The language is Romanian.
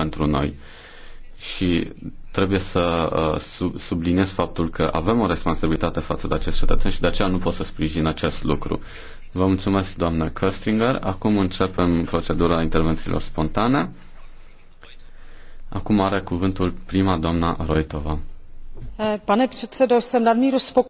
pentru noi. Și trebuie să uh, subliniez faptul că avem o responsabilitate față de acest cetățeni și de aceea nu pot să sprijin acest lucru. Vă mulțumesc, doamnă Köstinger. Acum începem procedura intervențiilor spontane. Acum are cuvântul prima doamna Roitova. Pane předsedo, jsem nadmíru